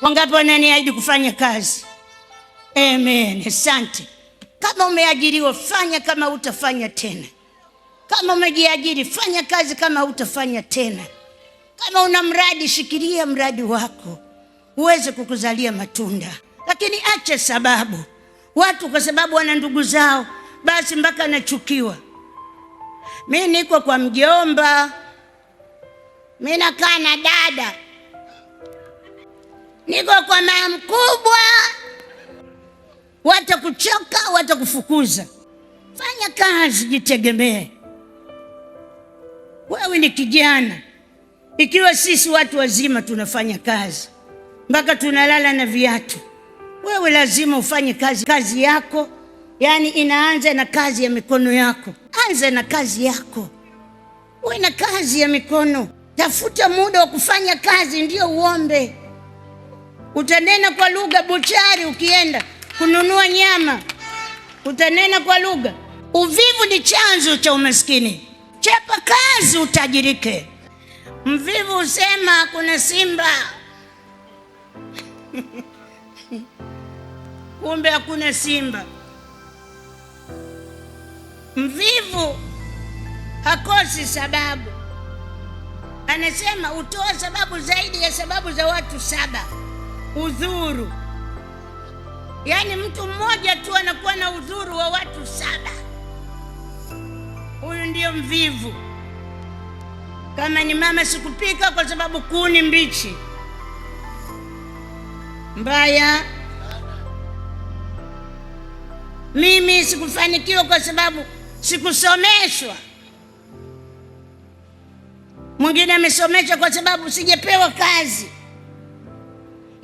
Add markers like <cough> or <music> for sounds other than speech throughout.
Wangapi wananiahidi kufanya kazi? Amen, asante. Kama umeajiriwa fanya kama utafanya tena. Kama umejiajiri fanya kazi kama utafanya tena. Kama una mradi shikilia mradi wako uweze kukuzalia matunda, lakini ache sababu watu kwa sababu wana ndugu zao basi mpaka anachukiwa. Mi niko kwa mjomba, mi nakaa na dada niko kwa mama mkubwa, watakuchoka, watakufukuza. Fanya kazi, jitegemee. Wewe ni kijana, ikiwa sisi watu wazima tunafanya kazi mpaka tunalala na viatu, wewe lazima ufanye kazi. Kazi yako yani inaanza na kazi ya mikono yako. Anza na kazi yako, uwe na kazi ya mikono, tafuta muda wa kufanya kazi, ndio uombe utanena kwa lugha buchari, ukienda kununua nyama utanena kwa lugha. Uvivu ni chanzo cha umaskini. Chapa kazi utajirike. Mvivu usema kuna simba <laughs> kumbe hakuna simba. Mvivu hakosi sababu, anasema utoa sababu zaidi ya sababu za watu saba uzuru. Yaani mtu mmoja tu anakuwa na uzuru wa watu saba. Huyu ndiyo mvivu. Kama ni mama, sikupika kwa sababu kuni mbichi. Mbaya, mimi sikufanikiwa kwa sababu sikusomeshwa. Mwingine amesomeshwa kwa sababu sijapewa kazi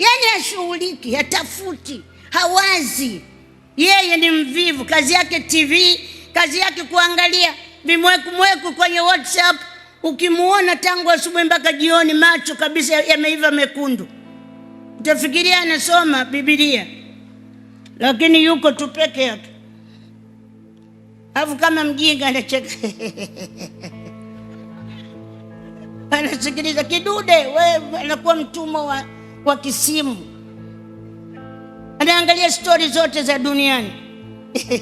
yani hashughuliki, hatafuti, hawazi. Yeye ni mvivu, kazi yake TV, kazi yake kuangalia vimwekumweku kwenye WhatsApp. Ukimuona tangu asubuhi mpaka jioni, macho kabisa yameiva mekundu, utafikiria anasoma Biblia, lakini yuko tu peke yake. Alafu kama mjinga anacheka <laughs> anasikiliza kidude, we anakuwa mtumwa wa wa kisimu. Anaangalia stori zote za duniani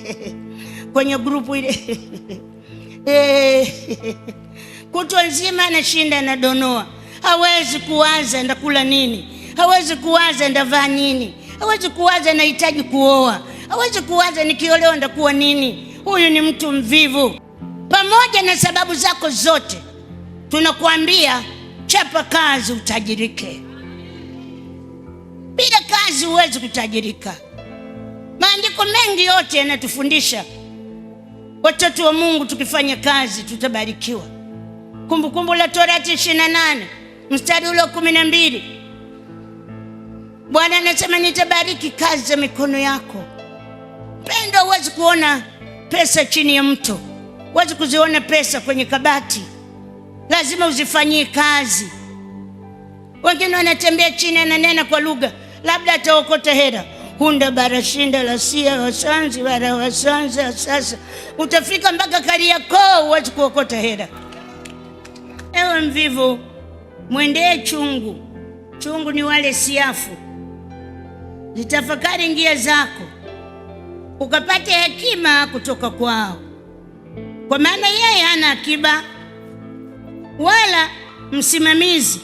<laughs> kwenye grupu ile <laughs> eh, <laughs> kutwa nzima anashinda anadonoa, hawezi kuwaza ndakula nini, hawezi kuwaza ndavaa nini, hawezi kuwaza nahitaji kuoa, hawezi kuwaza nikiolewa ndakuwa nini. Huyu ni mtu mvivu. Pamoja na sababu zako zote, tunakuambia chapa kazi, utajirike kazi huwezi kutajirika. Maandiko mengi yote yanatufundisha watoto wa Mungu tukifanya kazi tutabarikiwa. Kumbukumbu la Torati 28 mstari ule wa 12, Bwana anasema nitabariki kazi za mikono yako. pendo huwezi kuona pesa chini ya mto, huwezi kuziona pesa kwenye kabati, lazima uzifanyie kazi. Wengine wanatembea chini, ananena kwa lugha labda ataokota hera hunda barashinda lasia wasanzi bara wasanzi Sasa utafika mpaka Kariakoo uwezi kuokota hera. Ewe mvivu, mwendee chungu. Chungu ni wale siafu. Zitafakari njia zako ukapate hekima kutoka kwao, kwa maana yeye hana akiba wala msimamizi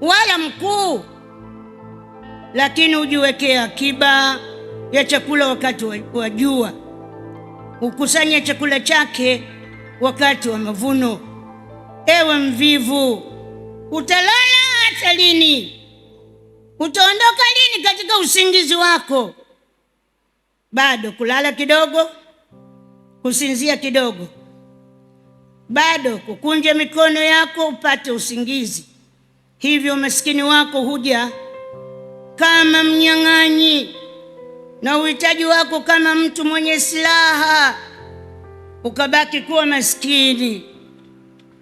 wala mkuu lakini ujiwekee akiba ya chakula wakati wa jua, ukusanye chakula chake wakati wa mavuno. Ewe mvivu, utalala hata lini? Utaondoka lini katika usingizi wako? Bado kulala kidogo, kusinzia kidogo, bado kukunja mikono yako upate usingizi. Hivyo umaskini wako huja kama mnyang'anyi na uhitaji wako kama mtu mwenye silaha, ukabaki kuwa maskini.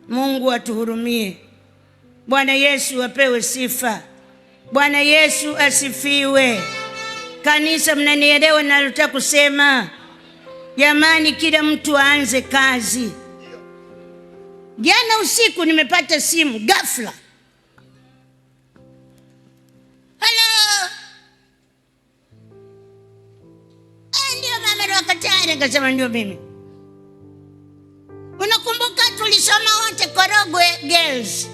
Mungu atuhurumie. Bwana Yesu apewe sifa. Bwana Yesu asifiwe. Kanisa, mnanielewa ninalotaka kusema? Jamani, kila mtu aanze kazi. Jana usiku nimepata simu ghafla Nikasema ndio mimi. Unakumbuka tulisoma wote Korogwe Girls?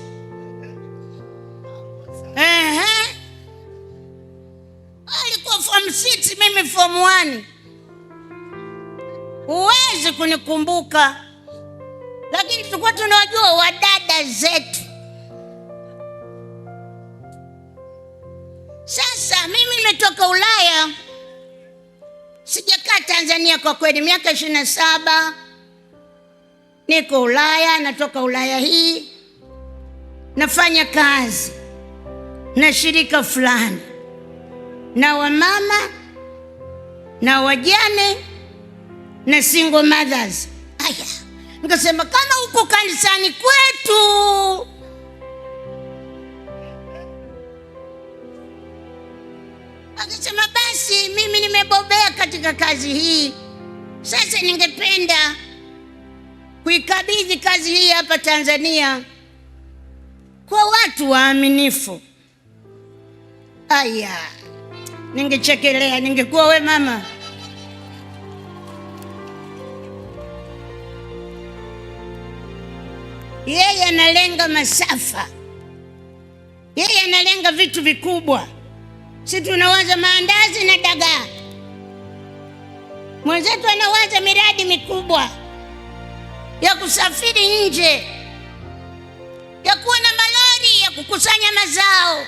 Ehe, alikuwa form 6, mimi form 1. Huwezi kunikumbuka, lakini tulikuwa tunawajua wadada zetu Tanzania kwa kweli, miaka ishirini na saba niko Ulaya, natoka Ulaya hii nafanya kazi na shirika fulani na wamama na wajane na single mothers. Aya, nikasema kama huko kanisani kwetu akasema basi, mimi nimebobea katika kazi hii, sasa ningependa kuikabidhi kazi hii hapa Tanzania kwa watu waaminifu. Aya, ningechekelea ningekuwa we mama. Yeye analenga masafa, yeye analenga vitu vikubwa. Si tunawaza maandazi na dagaa Mwenzetu anawaza miradi mikubwa ya kusafiri nje, ya kuwa na malori ya kukusanya mazao.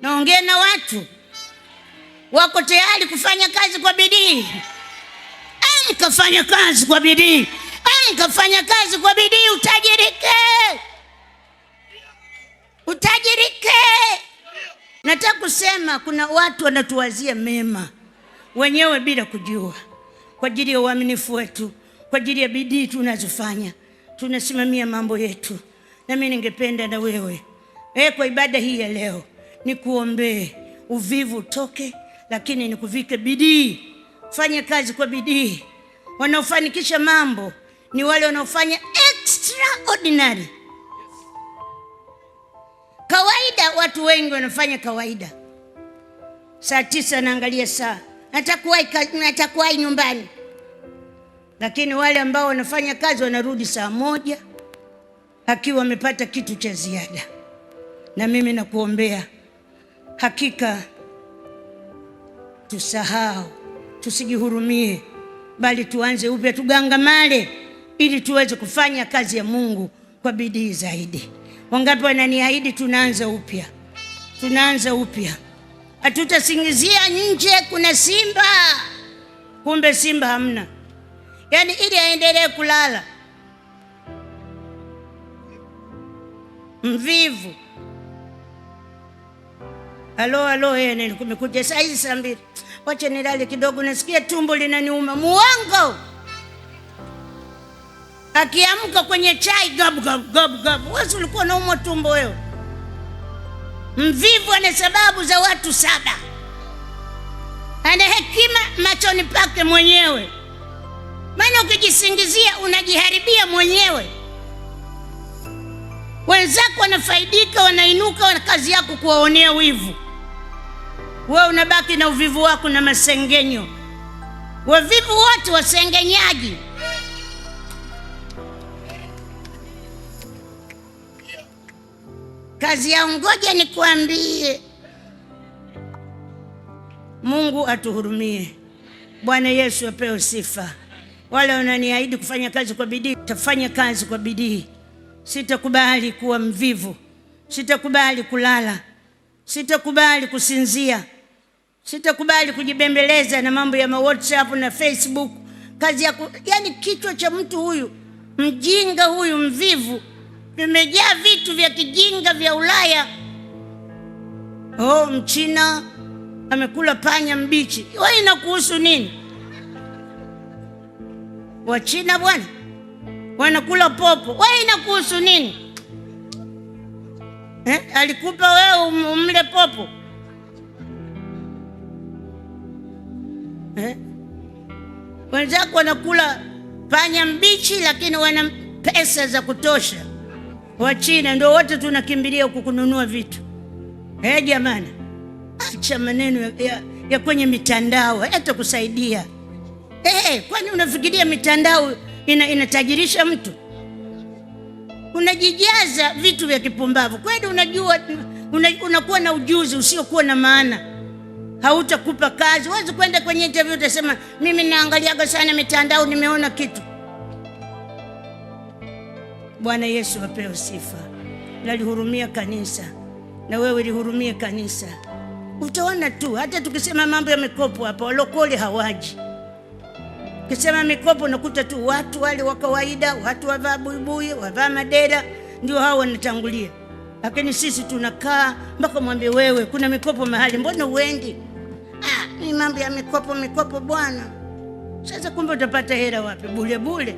Naongea na watu wako tayari kufanya kazi kwa bidii. Amkafanya kazi kwa bidii, amkafanya kazi kwa bidii, utajirike utajirike. Nataka kusema kuna watu wanatuwazia mema wenyewe bila kujua, kwa ajili ya uaminifu wetu, kwa ajili ya bidii tunazofanya, tunasimamia mambo yetu. Na ningependa na wewe e, kwa ibada hii ya leo nikuombee uvivu utoke, lakini nikuvike bidii. Fanye kazi kwa bidii. Wanaofanikisha mambo ni wale wanaofanya extraordinary. Kawaida watu wengi wanafanya kawaida. Saa tisa naangalia saa, natakuwai nyumbani. Lakini wale ambao wanafanya kazi wanarudi saa moja akiwa wamepata kitu cha ziada. Na mimi nakuombea hakika, tusahau, tusijihurumie, bali tuanze upya, tugangamale, ili tuweze kufanya kazi ya Mungu kwa bidii zaidi. Wangapi wananiahidi tunaanza upya, tunaanza upya, hatutasingizia nje kuna simba, kumbe simba hamna. Yaani ili aendelee kulala mvivu. Halo, halo, nimekuja saa hizi saa mbili, wacha nilale kidogo, nasikia tumbo linaniuma. Muongo! akiamka kwenye chai gabu gabu gabu gabu. Wewe ulikuwa naumwa tumbo wewe. Mvivu ana sababu za watu saba, ana hekima machoni pake mwenyewe, maana ukijisingizia unajiharibia mwenyewe. Wenzako wanafaidika, wanainuka, wana kazi yako kuwaonea wivu, wewe unabaki na uvivu wako na masengenyo. Wavivu wote wasengenyaji. kazi yao. Ngoja nikuambie, Mungu atuhurumie. Bwana Yesu apewe sifa. Wale wananiahidi kufanya kazi kwa bidii, tafanya kazi kwa bidii. Sitakubali kuwa mvivu, sitakubali kulala, sitakubali kusinzia, sitakubali kujibembeleza na mambo ya mawhatsapp na Facebook. Kazi yako, yani kichwa cha mtu huyu mjinga huyu mvivu vimejaa vitu vya kijinga vya Ulaya. Oh, mchina amekula panya mbichi, wewe inakuhusu nini? Wachina bwana wanakula popo, wewe inakuhusu nini eh? Alikupa wewe um, umle popo eh? Wenzako wanakula panya mbichi, lakini wana pesa za kutosha Wachina ndio wote tunakimbilia huku kununua vitu. Eh, jamani, acha maneno ya, ya kwenye mitandao hayatakusaidia. Eh, eh, kwani unafikiria mitandao ina, inatajirisha mtu? Unajijaza vitu vya kipumbavu kweli. Unajua una, unakuwa na ujuzi usiokuwa na maana, hautakupa kazi. Huwezi kwenda kwenye interview utasema mimi naangaliaga sana mitandao, nimeona kitu Bwana Yesu apewe sifa. Nalihurumia kanisa, na wewe lihurumie kanisa. Utaona tu hata tukisema mambo ya mikopo hapa, walokole hawaji. Ukisema mikopo, nakuta tu watu wale wa kawaida, watu wavaa buibui, wavaa madera, ndio hao wanatangulia. Lakini sisi tunakaa mpaka mwambie wewe, kuna mikopo mahali, mbona uendi? Ah, ni mambo ya mikopo, mikopo bwana. Sasa kumbe utapata hela wapi? Bulebule bule.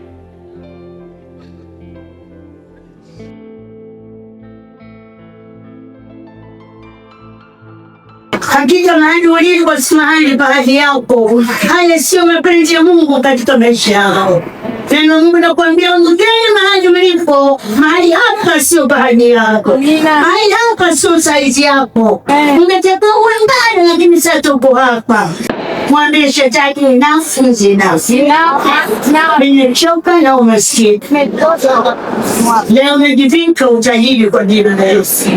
hakika mahali ulipo mahali baadhi yako. Haya sio mapenzi ya Mungu katika maisha yao. Tena Mungu anakuambia mgeni mahali mlipo. mahali hapa sio baadhi yako, mahali hapa sio saizi yako. Eh. Ungetaka uwe mbali, lakini sasa tupo hapa. Mwambie shetani nafsi nzina, nimechoka na umaskini. Leo umejivika utajiri kwa jina la Yesu.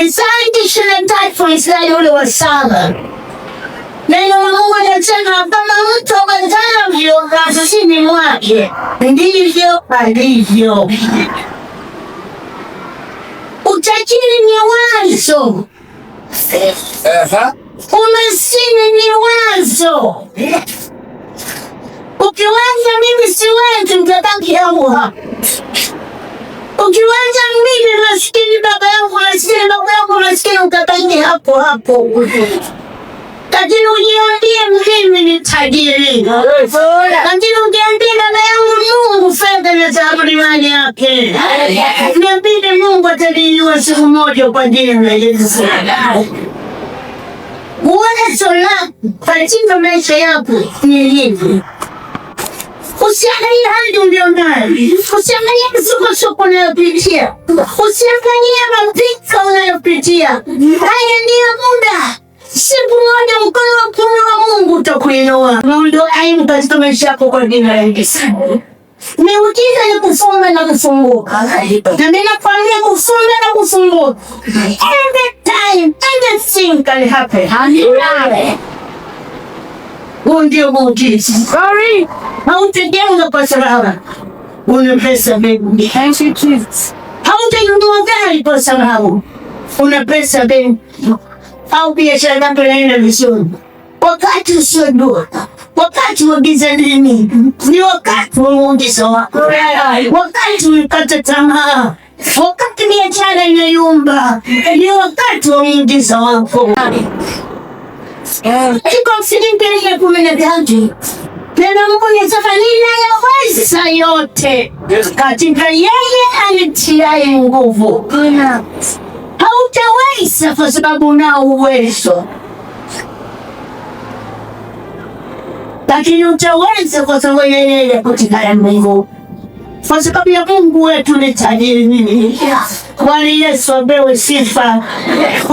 Risali ishirini na tatu mstari ule wa saba neno la Mungu linasema kama mtu akazavyo kazini mwake ndivyo alivyo. Utajiri ni wazo, umaskini ni wazo. Ukiwaza mimi siwezi, utabaki hapo hapo ukiwanja mbili maskini baba yangu maskini baba yangu maskini, hapo hapo. Lakini ujiambie mimi ni tajiri, lakini ujiambie baba yangu Mungu fedha na dhahabu ni mali yake, niambie Mungu siku moja kwa Yesu. lako katika maisha yako ni Usiangalie hali ulio nayo, usiangalie misukosuko unayopitia, usiangalie mapika unayopitia. Haya ndiyo muda, siku moja mkono wa kuume wa Mungu utakuinua. Mungu aimu katika maisha yako kwa jina la Yesu. Miujiza ni kufunga na kufunguka, na ninakwambia kufunga na kufunguka every time, everything can happen. Huu ndio muujiza. Sorry. Hautajenga kwa salama. Una pesa benki. Thank you Jesus. Hautanunua gari kwa sababu una pesa benki. Au biashara yako inaenda vizuri. Wakati usiojua, wakati wa giza nini, ni wakati wa muujiza wako. Wakati ulikata tamaa, wakati biashara inayumba, ni wakati wa muujiza wako. Sikimpeleke kumi na tatu neno Mungu nitafanina yawezi saa yote katika yeye anitiaye nguvu. Hautaweza kwa sababu unao uwezo, lakini utaweza kwa sababu yeye katika Mungu, kwa sababu ya Mungu wetu ni tajiri nini, kwani Yesu apewe sifa.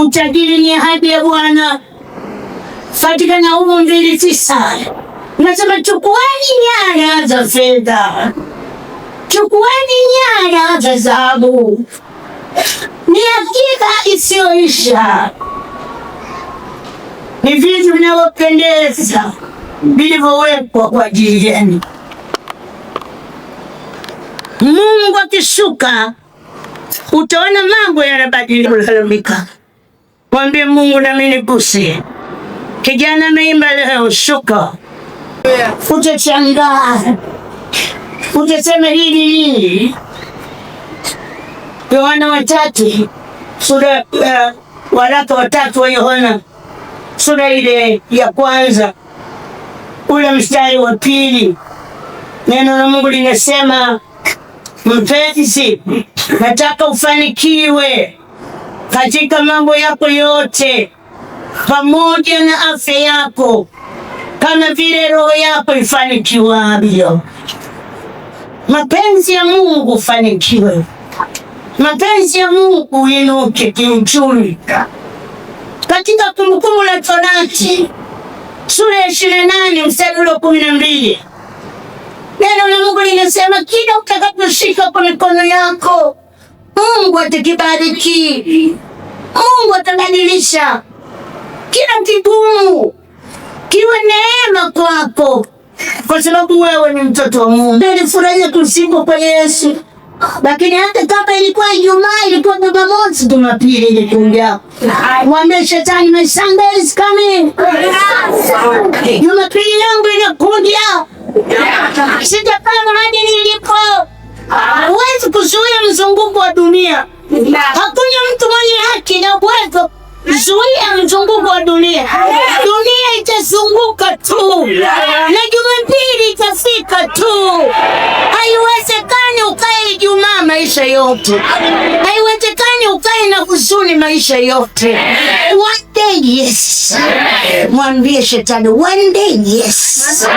Utajiri ni ahadi ya Bwana na Naumu mbili tisa nasema chukuani nyara za fedha, chukuani nyara za zabu, ni hakika isiyoisha, ni vitu vinavyopendeza vilivyowekwa kwa ajili yenu. Mungu akishuka, utaona mambo yanabadilika. Mwambie Mungu, nami niguse Kijana naimba leo, shuka utachangaa, utasema hili hili. Yohana watatu sura uh, waraka watatu wa Yohana sura ile ya kwanza ule mstari wa pili, neno la Mungu linasema mpenzi, nataka ufanikiwe katika mambo yako yote pamoja na afya yako, kama vile roho yako ifanikiwavyo. Mapenzi ya Mungu ufanikiwe, mapenzi ya Mungu uinuke kiuchumi. Katika Kumbukumbu la Torati sura ya ishirini na nane mstari wa kumi na mbili neno la Mungu linasema kila utakaposhika kwa mikono yako Mungu atakibariki, Mungu atabadilisha ngumu, kiwe neema kwako, kwa sababu wewe ni mtoto wa Mungu. Nilifurahia kuzikwa kwa Yesu, lakini hata kama ilikuwa Ijumaa, ilikuwa Jumamosi, Jumapili ilikuja, mwambie shetani, my Sunday is coming, Jumapili yangu inakuja, sijapanga hadi nilipo. Huwezi kuzuia mzunguko wa dunia, hakuna mtu mwenye haki na uwezo zuia mzunguko wa dunia. Dunia itazunguka tu na Jumapili itafika tu. Haiwezekani ukae Ijumaa maisha yote, haiwezekani ukae na huzuni maisha yote. One day yes. Mwambie shetani one day yes.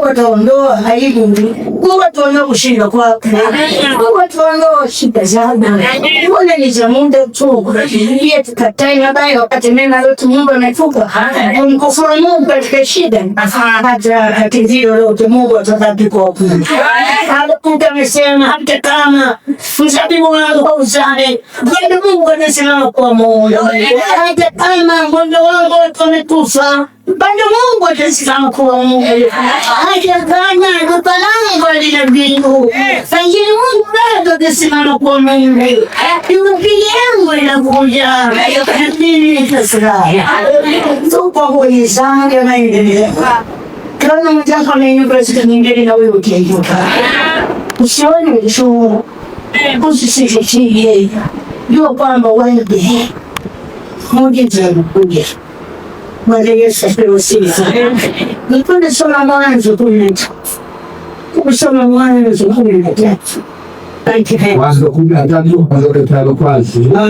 Wataondoa aibu, wataondoa kushinda kwako, wataondoa shida zako. Mbona ni za muda tu? Pia tukatai habari wakati neno lote Mungu ametupa. Kumkufuru Mungu katika shida. Hata hatidio lote Mungu atabaki kwa hukumu. Mungu amesema hata kama mzabibu wako uzame, bado Mungu anasimama kwa moyo haja kama mgonjwa wangu tumekufa, bado Mungu atasikia kuwa Mungu haja kama duka langu lina mbingu, lakini Mungu bado atasimama kwa Mungu. Jumapili yangu inakuja, mimi nitafurahi. Tuko kwenye sange ya maendeleo. Kama mtaka ninyuka siku nyingine na wewe ukiinuka, usione uchovu, usisitizie, jua kwamba wewe Muujiza unakuja Bwana Yesu apewe sifa. Nipende soma Mwanzo kumi na tatu kusoma Mwanzo kumi na tatu Mwanzo kumi na tatu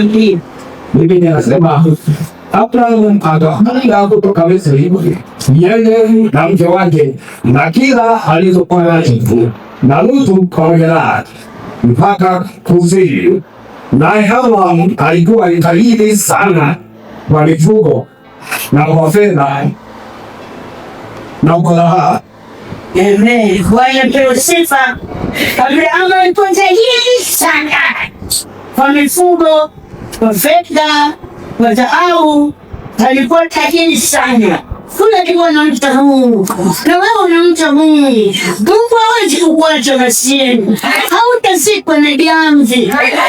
Ndio Biblia inasema Abrahamu akaenda kutoka Misri, yeye na mke wake na kila alizokuwa nacho, na Lutu pamoja naye mpaka kusini, naye Hamu alikuwa ikalili sana wa mifugo na kwa fedha na ukolaha. Amen. Wanapewa sifa Abrahamu aliponza hili sana kwa mifugo, kwa fedha, kwa dhahabu, alikuwa tajiri sana. Kule alikuwa anamcha Mungu, na wewe unamcha Mungu. Mungu hawezi kukuacha maskini, hautasika na jamvi.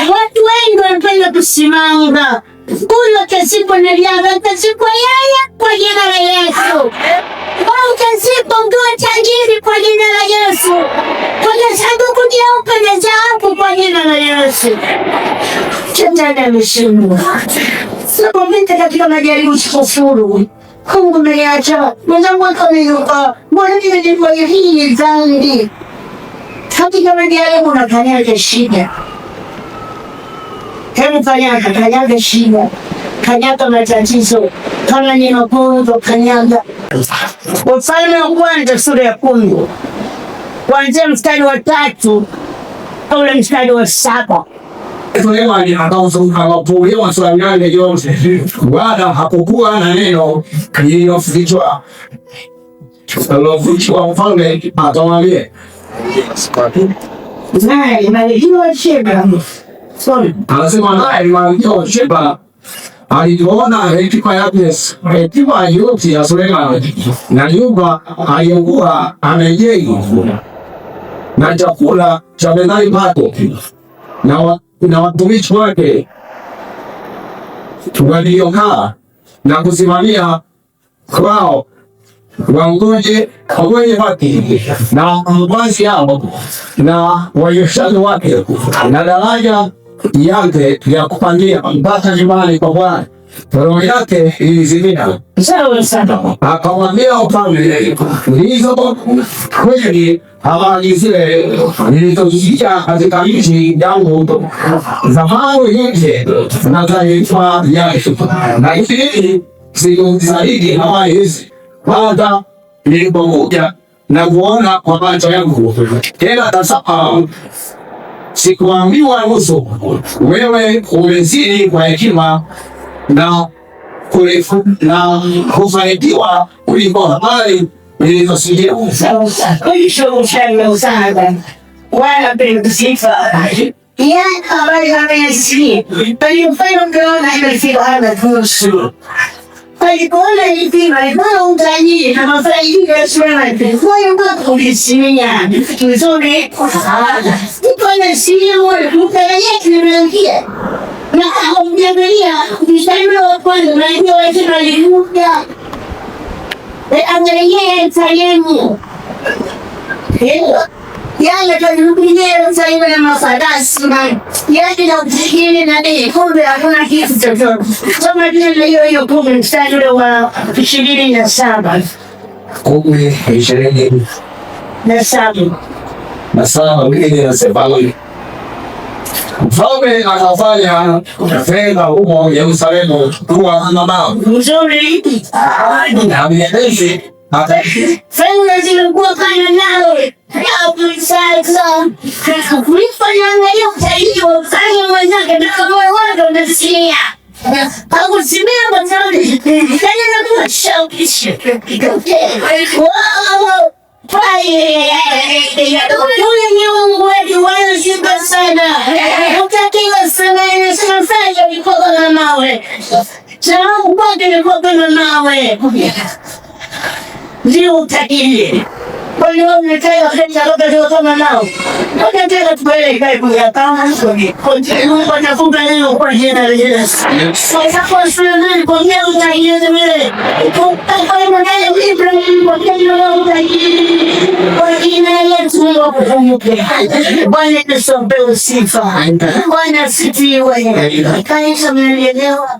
Watu wengi wanapenda kusimanga huyo utazikwa na riadha, utazikwa yeye kwa jina la Yesu. Wewe utazikwa ukiwa tajiri kwa jina la Yesu, kwenye sanduku jeupe la dhahabu kwa jina la Yesu. Shetani ameshindwa. Sikumpite katika majaribu sikufuru. Mungu ameniacha, mwenzangu akaniuka, Bwana mimi nilikuwa hii dhambi. Katika majaribu na kanyaga shida Hebu kanyaga, kanyaga kanyaga matatizo, kama ni magonjwa kanyaga. Wafalme wa Kwanza sura ya kumi kuanzia mstari wa tatu ule mstari wa saba akauliwa hakukuwa na neno lililofichwa lilofichwa. Mfalme akamwambia anasema naye Malkia wa aliona hekima yake, hekima yote ya Sulemani na nyumba aliyokuwa amejenga na chakula cha mezani pake na watumishi wake waliokaa na kusimamia kwao wangoje wenye haki na mavazi yao na wayeshani wake na daraja yake ya kupandia mpaka nyumbani kwa Bwana. Roho yake ilizimia, akamwambia upande hizo kweli habari zile nilizosikia katika nchi yangu za mambo yote na taifa yake, lakini sikuzaidi habari hizi hata nilipokuja na kuona kwa macho yangu tena tasaa sikuambiwa Yusufu, wewe umezidi kwa hekima na kurefu na kufanikiwa kuliko habari nilizosikia. 빨리 꺼내 그 예, 이게 말만 자니 하면서 이게 수행할 때 소용과 돈이 지느냐 그 손에 또는 시험을 못하게 그런 게 나, 엄마들이야, 우리 삶을 얻고 누나의 교회에서 널리 행복해야. 내 아들에게 자유의 무. 대박. yani tunahubiria saiba na mafarasi yani na utajiri na nini, kumbe hakuna kitu chochote. Kama vile hiyo hiyo kumi mstari ule wa ishirini na saba kumi ishirini na saba na saba mbili na sebali Mfalme akafanya fedha huko Yerusalemu kuwa na mawe mzuri na mienezi 咱咱这今儿过团圆年嘞，要不啥子？你过年还有钱用？咱这晚上可得喝多点，多得劲呀！把我姊妹们叫来，咱今儿过小屁节。快活快活快！哎哎哎！哎呀，都过年了，我得玩点新盆菜呢。我这今晚准备的是咱家乡的那味，咱不外地的不不能拿哎。ndio utajiri. Kwa hiyo nataka kwenda labda leo kama nao. Kwa nataka tupeleke kai kwa kama sogi. Continue kwa nafunga leo kwa jina la Yesu. Sasa kwa sisi kwa nini utajiri wewe? Kwa maana ya Ibrahim kwa nini leo utajiri? Kwa jina la Yesu leo kufunguke. Bwana Yesu mpewe sifa. Bwana asifiwe. Kaisha mlielewa.